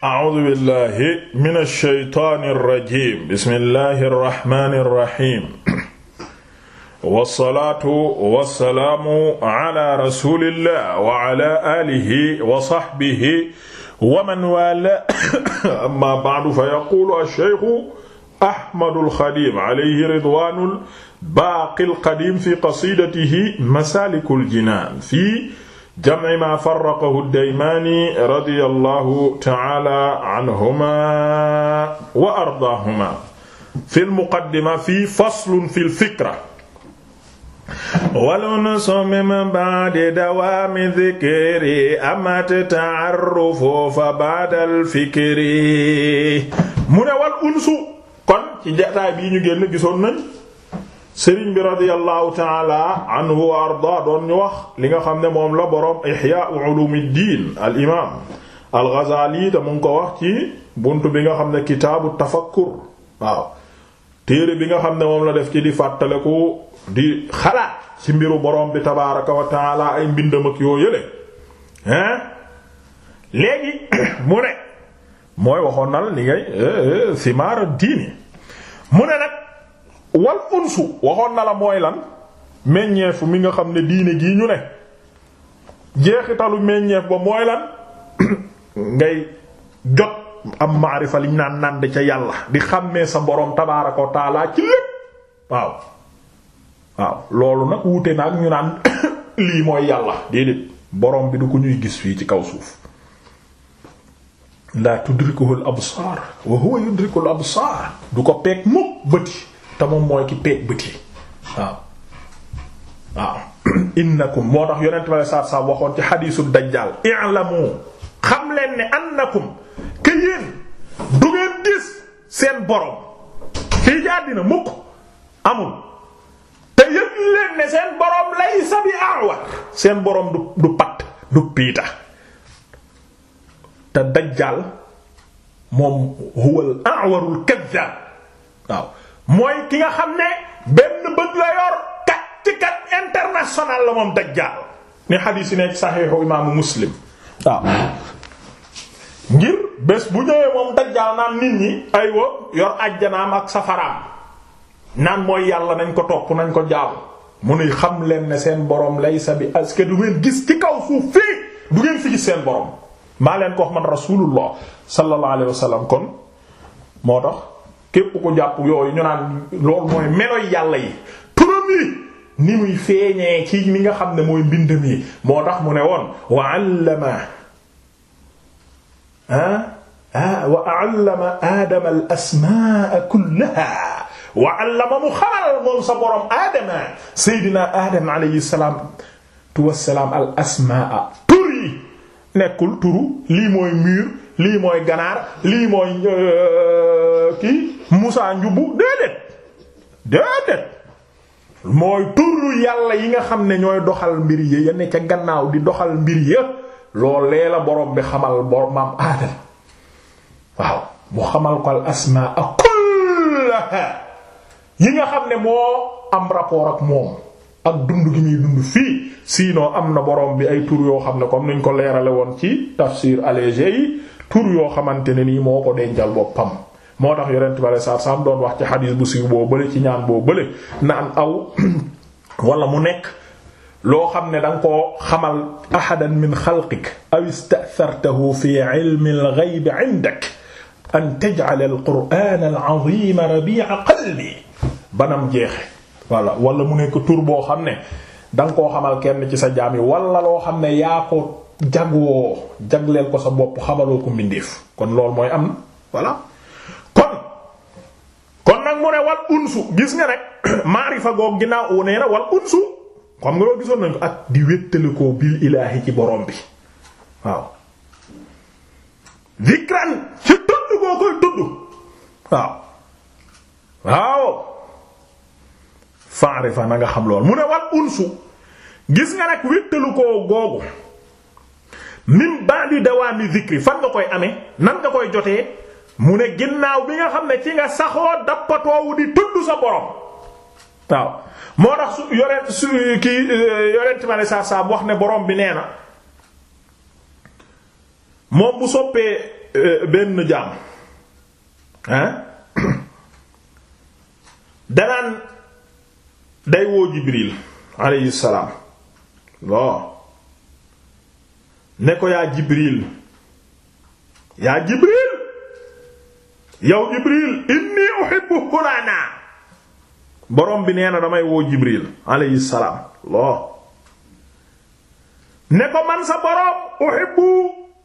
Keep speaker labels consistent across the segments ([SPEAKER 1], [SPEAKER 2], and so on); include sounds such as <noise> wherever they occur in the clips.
[SPEAKER 1] a'uudu billaahi mina shaytaani rajiim bismillaahi rahmaani rahiim wasalaatu wasalaamu ala rasuulillah wa ala aalihi wa sahbihi wa man waala amma ba'du fa yaquulu ash-shaykhu Ahmadul Xadiim alayhi ridwaanul baaqil qadiim fi qasiidatihi masaalikul jinaan fi jam'i ma farraqahu ad-Daymaani radiyallahu ta'ala anhuma wa ardaahuma fi al-muqaddima fi faslun fi al-fikra walaw nusamim ba'da dawaami dhikri amat ta'arrufu fa ba'da al-fikri mu ne wal unsu kon ci jotaay bi ñu génn gisoon nañ sëriñ bi radiyallahu taala anhu wa arda doon ñu wax li nga xam ne moom la boroom ihya ulumuddin al imaam al ghazali te mu ko wax ci bunt bi nga xam ne kitaabu tafakkur waaw téere bi nga xam ne moom la def ci di fàttaleku di xalaat ci mbiru boroom bi tabaaraka wa taala ay mbindam ak yoo yële hein léegi <coughs> mu ne mooy waxoon na li ngay eh, eh, simaara diini mu ne nag wal unsu waxoon na la mooy lan meññeefu mi nga xam ne diine gii ñu ne jeexitalu meññeef ba mooy lan <coughs> ngay jot am maarifa liñ naan nànd ca yàlla di xàmmee sa boroom tabaaraka wa ci lépp waaw waaw loolu nag wuute na ak ñu naan <coughs> lii mooy yàlla déedéet boroom bi du ko ñuy gis fii ci kaw suuf la tudrikuhu al absaar wa huwa yudrikul absaar du ko peeg mukk bëti te moom mooy ki peeg bët yi waaw waaw <clears throat> innakum moo tax yonent bi saa saa waxoon ci xadiisu dajjaal i'lamu xam leen ne annakum ke yéen du ngeen gis seen borom fii jàddina mukk amul te yëg leen ne seen borom laysa bi a'war seen borom du pat du piita te dajjaal moom huwal a'warul kaddaab waaw mooy ki nga xam ne benn bët la yor kat ci kat international la moom dajjaal ni xadiis yi nekk saxiixu imaamu muslim waaw ngir bés bu ñëwee moom dajjaal naan nit ñi aywa yor ajjanaam ak safaraam naan mooy yàlla nañ ko topp nañ ko jaamu mu ne xam leen ne seen borom laysa bi aske du ngeen gis ci kaw suuf fii du ngeen fi gis seen borom maa leen ko wax man rasulullah sallallahu alayhi wasallam kon moo tax képp ko jàpp yooyu ñu naan loolu mooy meloy yàlla yi turam yi ni muy feeñee ci ni nga xam ne mooy mbind mi moo tax mu ne woon wa allama ah, ah wa allama wa allama mu xamal moom sa borom aadama seydina aadama alayhi salaatu wassalaam al nekkul turu lii mooy mur lii mooy ganaar lii mooy euh, kii Moussa njubbu déedéet déedéet mooy turu yàlla yi nga xam ne ñooy doxal mbir yi ya ca gannaaw di doxal mbir ya loolee la boroom bi xamal boromam aadama waaw mu xamal ko al asmaa kullaha yi nga xam ne moo am rapport ak moom ak dund gi muy dund fii sinon am na borom bi ay tur yoo xam ne comme niñ ko leerale woon ci tafsir allégé yi tur yoo xamante ne nii moo ko dencal boppam. moo tax yonent bale saa saam doon wax ci xadiis bu siiw boo bële ci ñaan boo bële naan aw <clears throat> wala mu nekk loo xam ne danga koo xamal ahadan min xalqik aw istathartahu fi ilmi al wala wala mu nekk tur boo xam ne da nga xamal kenn ci sa jaam yi wala loo xam ne yaa ko jagoo jagleel ko sa bopp xamaloo ko mbindeef kon loolu mooy am voilà mu ne wal unsu gis nga rek <clears throat> maarifa goog ginnaaw u nee na wal unsu xam nga loo gisoon nañ ko ak di wéttalikoo bil ilaahi ci borom bi waaw dikran ci tudd goo koy tudd waaw waaw faarifa na nga xam lool mu ne wal unsu gis nga nag wéttalikoo googu min ba'di dawaami zikri fan nga koy amee nan nga koy jotee mu ne ginnaaw bi nga xam ne ci nga saxoo dappatoowu di tudd sa borom waaw moo tax su yorent su kii eh, yorent ma ne saa saa wax ne borom bi nee na moom bu soppee eh, benn jaam ah <coughs> danaan day woo Jibril alayhi salaam ne ko yaa Jibril yaa Jibril. yow Jibril inni uhibbu fulana borom bi nee na damay woo Jibril alayhi salaam loo ne ko man sa borom uhibbu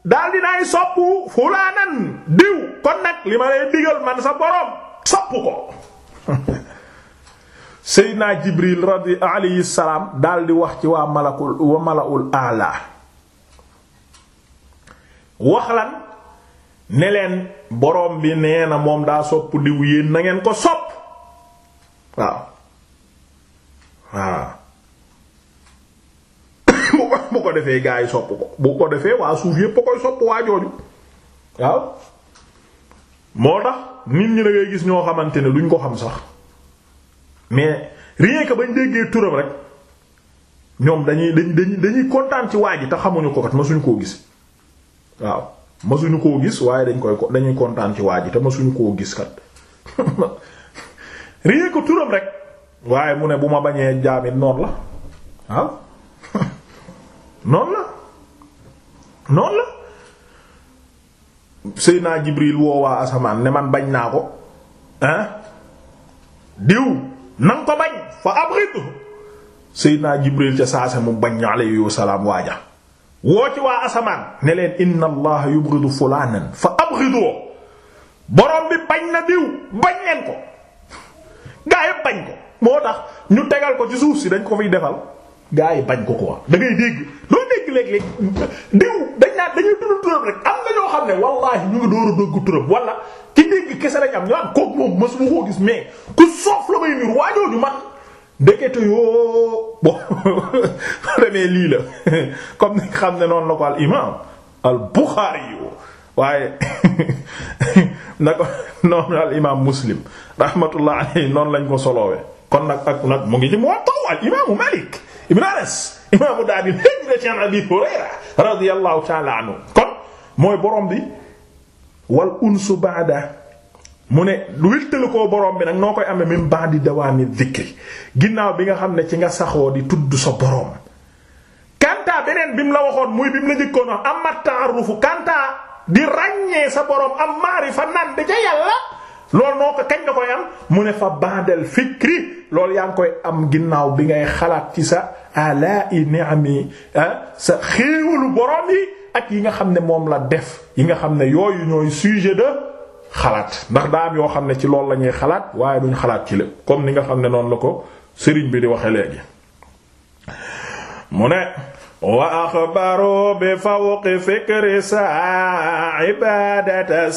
[SPEAKER 1] daal dinaay soppu fulaanan diw kon nag li ma lay digal man sa borom soppu ko <laughs> Seydina Jibril radi alayhi salaam daal di wax ci waa malakul wa malaul wax lan ne leen borom bi nee na moom daa sopp diw yéen nangeen ko sopp waaw waaw <coughs> bu ko defee gaa yi sopp ko bu ko defee waa suuf yépp a koy sopp waa jooju waaw moo tax nit ñi da ngay gis ñoo xamante ne duñ ko xam sax mais rien que bañ déggee turam rek ñoom dañuy dañuy dañuy kontaan ci waa ji te xamuñu ko kat ma suñ koo gis waaw. masuñu koo gis waaye dañ koy dañuy kontaan ci waa ji te masuñu koo gis kat <laughs> rien turam rek waaye mu ne bu ma bañee jaamit noonu la waaw <laughs> noonu la noonu la Jibril woowaa asamaan ne man bañ naa ko ah diw nanga ko bañ fa abrid Seydina Jibril ca saase mu bañ alayhi salaam waaja woo ci waa asamaan ne leen inna allaha yubghidu fulaanan fa abghidu borom bi bañ na diw bañ leen ko gaa yi bañ ko moo tax ñu tegal ko ci suuf si dañ ko fiy defal gaa yi bañ ko ko da ngay dégg doo dégg léeg-léeg diw dañ naan dañuy tudd turam rek am na ñoo xam ne wallaahi ñu ngi door a dégg turam wala ci dégg kese lañ am ñu am kooku moom mës mu gis mais ku soof la may niir waajooju man ndekete yoo bo <laughs> demee lii la <laughs> comme ni xam ne noonu la ko al imaam al Buxaari yu waaye <laughs> na ko noonu al imaam Muslim rahmatullah alayhi noonu lañ ko solowee kon nag ak nag mu ngi ci Muwatta al imaamu Malik ibn Anas imaamu daal di dégg ci Abi Hurayra radiyallahu ta'ala anhu kon mooy borom bi wal unsu ba'da mu ne wéttali koo borom bi nag noo koy amee min ba'di dawaami dhikri ginnaaw bi nga xam ne ci nga saxoo di tudd sa borom. kanta beneen bi mu la waxoon muy bi mu la njëkkoon wax amma ta'arrufu kanta di ràññee sa borom am maarifa nan da ca yàlla loolu noo ko kañ nga koy am mu ne fa ba'dal fikri loolu yaa ngi koy am ginnaaw bi ngay xalaat ci sa ala i ni'ami ah, sa xéewalu borom yi ak yi nga xam ne moom la def yi nga xam ne yooyu ñooy sujet de. xalaat ndax daa yoo xam ne ci loolu la ñuy xalaat waaye duñ xalaat ci lépp comme ni nga xam ne noonu la ko sëriñ bi di waxe léegi mu ne wa axbaru bi fawqi fikri saa ibadata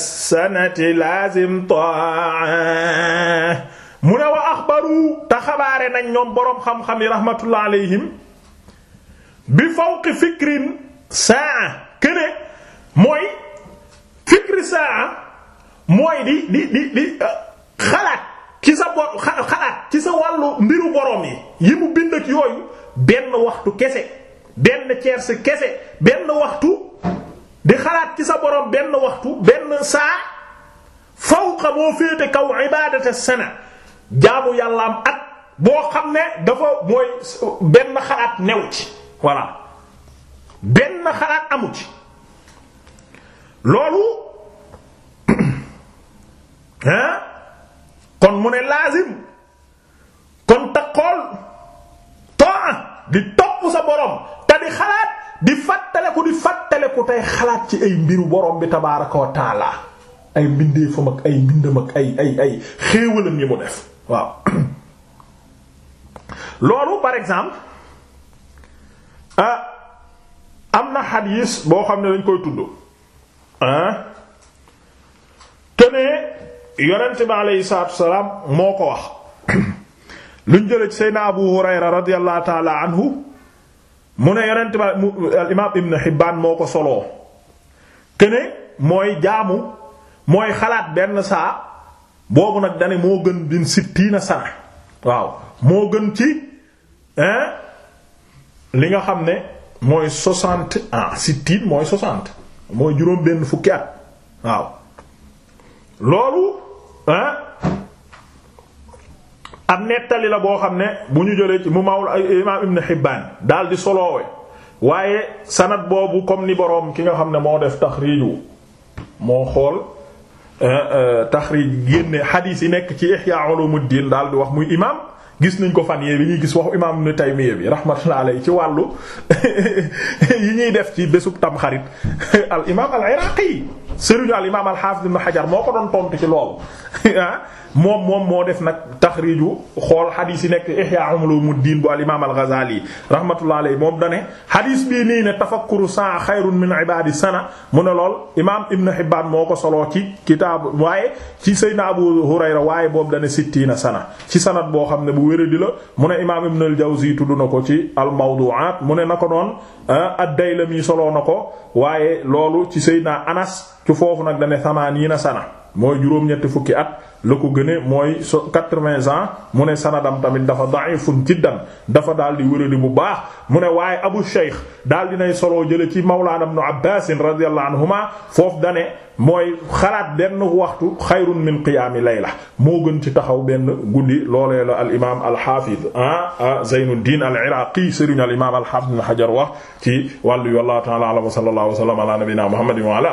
[SPEAKER 1] yi rahmatullah alayhim mooy fikri saa mooy di di di euh, xalaat ci sa bo xalaat ci sa wàllu mbiru borom yi yi mu bind ak yooyu benn waxtu kese benn tiers kese benn waxtu di xalaat ci sa borom benn waxtu benn saa fawqa moo féete kaw ibadata sana jaamu yàllaam at boo xam ne dafa mooy benn xalaat new ci voilà benn xalaat amu ci loolu kon mu ne laazim kon taqool taa di topp sa boroom te di xalaat di fàttaleku di fàttaleku tey xalaat ci ay mbiru borom bi tabaaraka wa ay mbindeefam ak ay mbindam ak ay ay ay xéewalam yi mu def waaw <coughs> loolu par exemple ah am na xadiis boo xam ne dañ koy tudd yonent bi aleyhi salaatu wasalaam moo ko wax luñ jëlee ci Seydina Abu Hurayra radiyallahu taala anhu mu ne yonent bi al imaam Ibn Hibbaan moo ko soloo këne mooy jaamu mooy xalaat benn saa boobu nag dane moo gën bin sittiina sana waaw moo gën ci hein li nga xam ne mooy soixante ans ah, sittiin mooy soixante mooy juróom benn fukki at waaw loolu ah am nettali la boo xam ne bu ñu jëlee ci mu mawla imaam Ibn Hibbaan daal di soloowe waaye sanad boobu comme ni boroom ki nga xam ne moo def taxriiju moo xool eh, eh, taxriij génne xadiis yi nekk ci Ihya Ulumuddin daal di wax muy imaam gis nañ ko fan yee bi ñuy gis waxu imaam Ibn Taymiyya bi rahmatullahi alayhi ci wàllu <laughs> yi ñuy def ci bésub Tamxarit <laughs> al imaam al Iraaqi sëriñu al imaam al-Hafiz ibn Hajar moo ko doon tontu ci loolu <laughs> ah moom moom moo def nag taxriiju xool xadiis yi nekk Ihya Ulumuddin mu al imaam al-Ghazali rahmatullahi alayhi moom dane xadiis bii nii ne tafakkuru saa xayrun min ibaadi sana mu ne lool imaam Ibn Hibbaan moo ko soloo ci kitaab waaye ci Sayyidina Abu Hurayra waaye boobu dane sittiina sana ci sanad boo xam ne bu wéradi la mu ne imaam Ibn al tuddu na ko ci al-Mawdu'aat mu ne na ko noon ah, ad-Daylami soloo na ko waaye loolu ci Sayyidina ci foofu nag dane samaniina sana mooy juróom-ñetti fukki at la ko gëne mooy so quatre-vingts ans mu ne sanadam tamit dafa da'ifun jiddan dafa daal di wéradi bu baax mu ne waaye abu shaykh daal dinay soloo jële ci mawlaana ibnu abbaas radiyallahu anhuma foofu dane mooy xalaat benn waxtu xayrun min qiyaami layla moo gën ci taxaw benn guddi loolee la al imaam al xaafiz ah, ah Zaynuddin al Iraaqi sëriñ al imaam al xaafiz ibn Hajar wax ci wàllu yi wallahu ta'ala wa sallallahu wa sallam ala nabiyyina Muhammadin wa ala